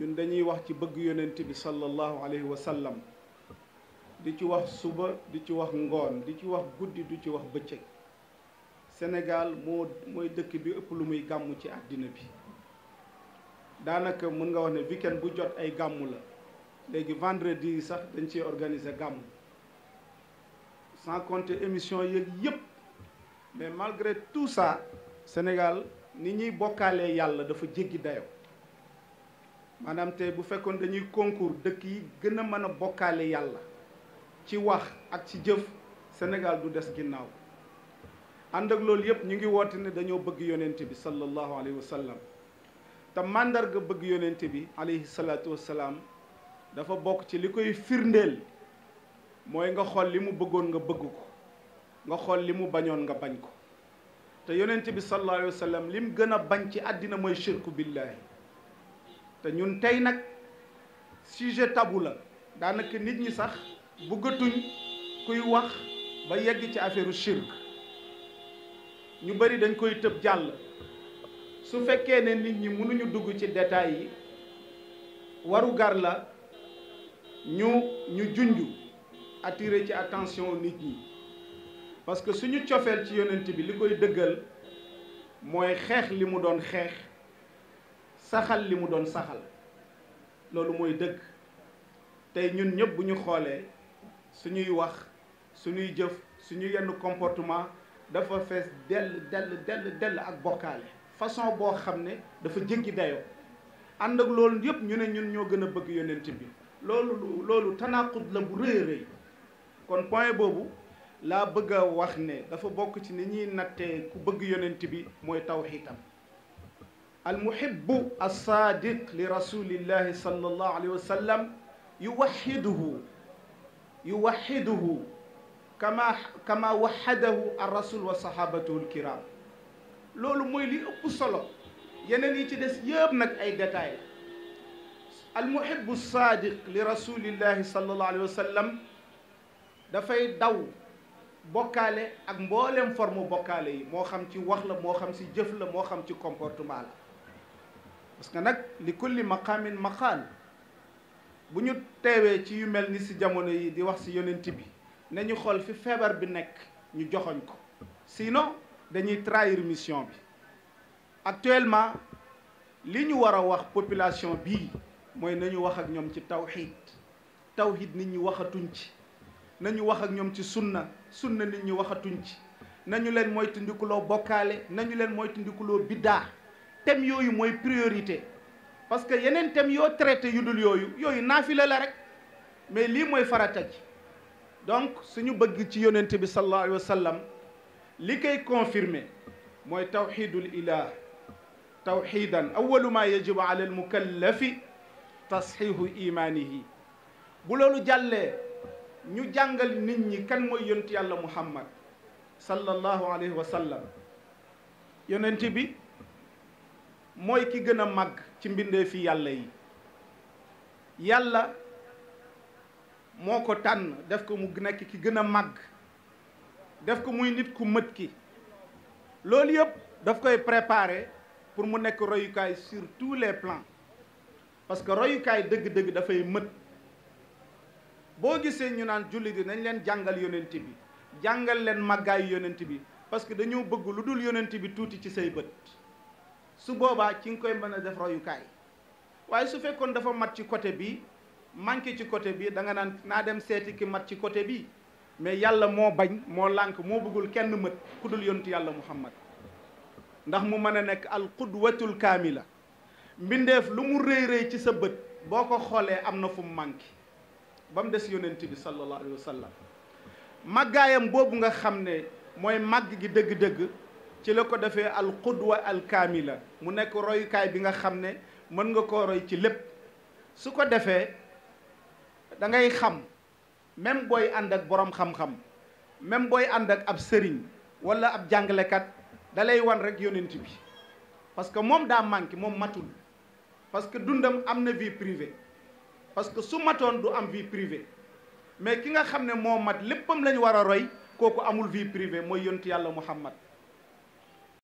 ñun dañuy wax ci bëgg yonent bi sallallahu alayhi wa sallam di ci wax suba di ci wax ngoon di ci wax guddi du ci wax bëccëg Sénégal moo mooy dëkk bi ëpp lu muy gàmmu ci àddina bi daanaka mën nga wax ne weekend bu jot ay gàmmu la léegi vendredi yi sax dañ ci organiser gàmmu sans compter émission yëg yëpp mais malgré tout ça Sénégal ni ñuy bokkaalee yàlla dafa jéggi dayoo maanaam tey bu fekkoon dañuy concours dëkk yi gën a mën a bokkaale yàlla ci wax ak ci jëf Sénégal du des ginnaaw ànd ak loolu yëpp ñu ngi woote ne dañoo bëgg yonent bi sallallahu alayhi wa sallam te màndarga bëgg yonent bi alayhi salaatu wa dafa bokk ci li koy firndeel mooy nga xool li mu bëggoon nga bëgg ko nga xool li mu bañoon nga bañ ko te yonent bi sallallahu alayhi li mu gën a bañ ci àddina mooy shirku billahi te ñun tey nag sujet tabou la daanaka nit ñi sax buggatuñ kuy wax ba yegg ci affaire shirk ñu bëri dañ koy tëb jàll su fekkee ne nit ñi mënuñu dugg ci détails yi warugar la ñu ñu junju attirer ci attention nit ñi parce que suñu cofeel ci yonent bi li koy dëggal mooy xeex li mu doon xeex saxal li mu doon saxal loolu mooy dëgg tey ñun ñëpp bu ñu xoolee suñuy wax suñuy jëf suñu yenn comportement dafa fees dell dell dell dell ak bokkaale façon boo xam ne dafa jéggi dayoo ànd ak loolu yëpp ñu ne ñun ñoo gën a bëgg yonent bi loolu loolu tanaqut la bu rëy rëy kon point boobu laa bëgg a wax ne dafa bokk ci ni ñuy nattee ku bëgg yonent bi mooy taw tawxiitam almuhibbu alsaadiq li rasulillahi sallallahu alayhi wa sallam yuwaxiduhu yuwaxiduhu kama kama waxadahu ar rasul wa sahabatuhu alkiram loolu mooy li ëpp solo yeneen yi ci des yëpp nag ay détails almuhibbu alsaadiq li rasulillahi sallallahu alayhi wa sallam dafay daw bokkaale ak mboolem forme bokkaale yi moo xam ci wax la moo xam ci jëf la moo xam ci comportement la parce que nag li kulli maqaamin maqaal bu ñu teewee ci yu mel ni si jamono yi di wax si yonent bi nañu xool fi feebar bi nekk ñu joxoñ ko sinon dañuy trahir mission bi actuellement li ñu war a wax population bii mooy nañu wax ak ñoom ci tawxiid tawxiid nit ñi waxatuñ ci nañu wax ak ñoom ci sunna sunna nit ñi waxatuñ ci nañu leen moytandikuloo bokkaale nañu leen moytandikuloo biddaa thème yooyu mooy priorité parce que yeneen thème yoo traité yu dul yooyu yooyu naafila la rek mais lii mooy farata ji donc suñu bëgg ci yonent bi sallallahu sallam li koy confirmer mooy tawxidul ilah tawxidan awalu ma yajibu ala al mukallafi tasxihu imaanihi bu loolu jàllee ñu jàngal nit ñi kan mooy yonent yàlla muhammad sallallahu alayhi wa sallam yonent mooy ki gën a màgg ci mbindeefi yàlla yi yàlla moo ko tànn def ko mu nekk ki gën a màgg def ko muy nit ku mët ki loolu yëpp daf koy prépare pour mu nekk royukaay sur tous les plans parce que royukaay dëgg-dëgg dafay mët boo gisee ñu naan julli di nañ leen jàngal yonent bi jàngal leen màggaayu yonent bi parce que dañoo bëgg lu dul yonent bi tuuti ci say bët su boobaa ci nga koy mën a def royukaay waaye su fekkoon dafa mat ci côté bi manqué ci côté bi da nga naan naa dem seeti ki mat ci côté bi mais yàlla moo bañ moo lànk moo bëggul kenn mët ku dul yontu yàlla muhammad ndax mu mën a nekk al qudwatul kaamila mbindeef lu mu rëy rëy ci sa bët boo ko xoolee am na fu mu manqué ba mu des yonent bi sallallahu alayhi wa sallam màggaayam boobu nga xam ne mooy màgg gi dëgg-dëgg ci la ko defee al qudwa al kaamila mu nekk royukaay bi nga xam ne mën nga koo roy ci lépp su ko defee da ngay xam même booy ànd ak borom xam-xam même booy ànd ak ab sëriñ wala ab jàngalekat da wan rek yonent bi parce que moom daa manqué moom matul parce que dundam am na vie privée parce que su matoon du am vie privée mais ki nga xam ne moo mat léppam la ñu war a roy kooku amul vie privée mooy yont yàlla Muhammad